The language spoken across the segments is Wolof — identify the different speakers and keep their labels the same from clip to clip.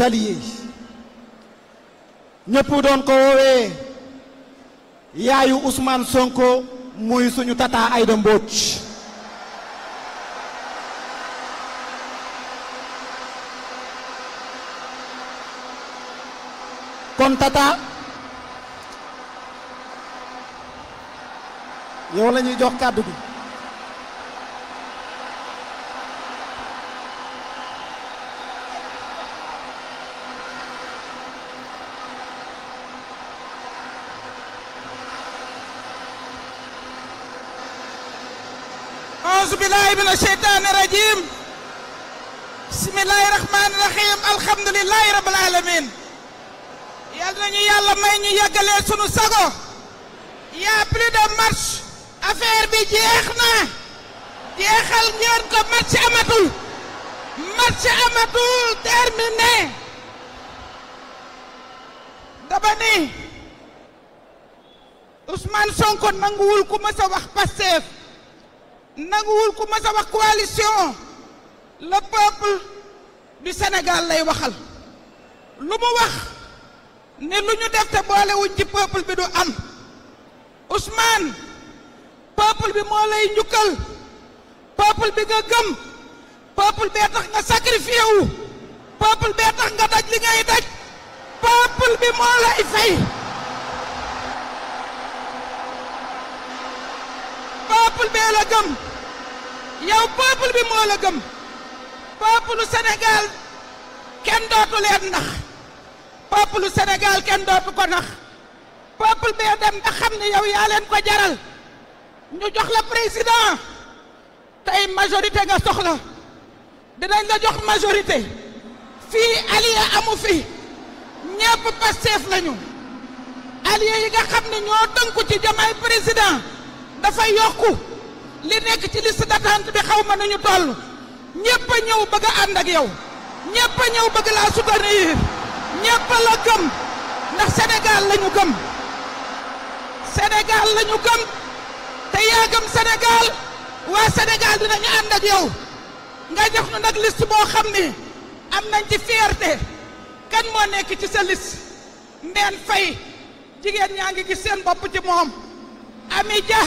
Speaker 1: alliés ñëpp doon ko woowee yaayu Ousmane Sonko muy suñu tata Aïda Mbodj kon tata yow la jox kàddu bi أعوذ بالله من الشيطان الرجيم بسم الله الرحمن الرحيم الحمد yàlla nañu yàlla may ñu yeggalee sunu sago y'a plus de match bi jeex na jeexal ngeen ko match amatul match amatul terminé dama ni Ousmane Sonko nanguwul ku mës wax Pastef nanguwul ku mas a wax coalition le peuple du Sénégal lay waxal lu mu wax ne lu ñu def te boolewuñ ci peuple bi du am Ousmane peuple bi moo lay njukkal peuple bi nga gëm peuple bee tax nga sacrifié wu bee tax nga daj li ngay daj peuple bi moo lay fay peuple bee la gëm yow peuple bi moo la gëm peuple Sénégal kenn dootu leen nax peuple Sénégal kenn dootu ko nax peuple bee dem ba xam ne yow yaa leen ko jaral ñu jox la président tey majorité nga soxla dinañ la jox majorité fii allié amu fi ñépp Pastef lañu allié yi nga xam ne ñoo tënku ci jamaay président dafay yokku li nekk ci liste d'attente bi xaw ma nañu toll ñëpp a ñëw bëgg a ànd ak yow ñëpp a ñëw bëgg laa soutenir ñëpp la gëm ndax Sénégal la gëm Sénégal la gëm te yaa gëm Sénégal waa Sénégal dinañu ànd ak yow nga jox ñu nag liste boo xam ni am nañ ci fierté kan moo nekk ci sa liste ndeen fay jigéen ñaa ngi gis seen bopp ci moom Ami Dia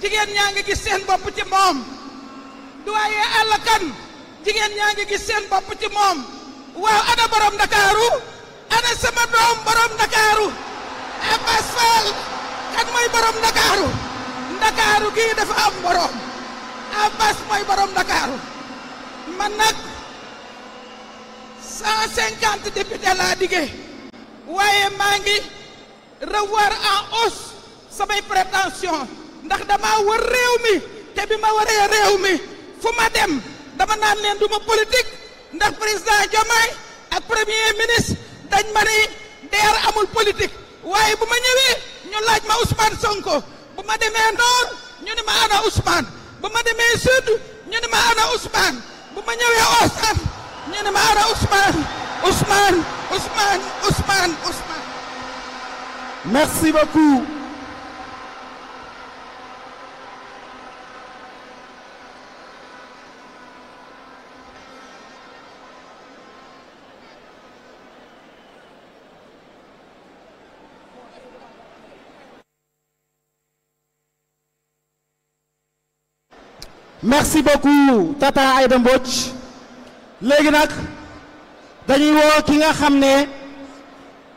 Speaker 1: jigéen ñaa ngi gis bopp ci moom duwaaye àll kan jigéen ñaa ngi gis seen bopp ci moom waaw ana borom ndakaaru ana sama doom borom ndakaaru Abbas Fall kan mooy borom ndakaaru ndakaaru gii dafa am borom Abbas mooy borom ndakaaru man nag cent cinquante député laa diggee waaye maa ngi revoir en hausse samay prétention ndax dama war réew mi te bi ma waree réew mi fu ma dem dama naan leen du ma politique ndax président Diomaye ak premier ministre dañ ma ni deer amul politique waaye bu ma ñëwee ñu laaj ma Ousmane Sonko bu ma demee Nord ñu ni ma ana Ousmane bu ma demee Sud ñu ni ma ana Ousmane bu ma ñëwee Ousseynou ñu ni ma ana Ousmane Ousmane Ousmane Ousmane Ousmane. merci beaucoup. merci beaucoup Tata Aïda Mbodj léegi nag dañuy woo ki nga xam ne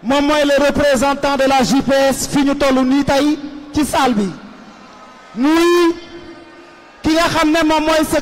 Speaker 1: moom mooy le représentant de la JPS fi ñu toll nii tey ci salle bi muy ki nga xam ne moom mooy